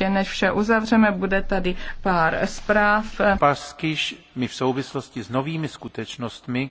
Ještě než vše uzavřeme, bude tady pár zpráv. Paskyš mi v souvislosti s novými skutečnostmi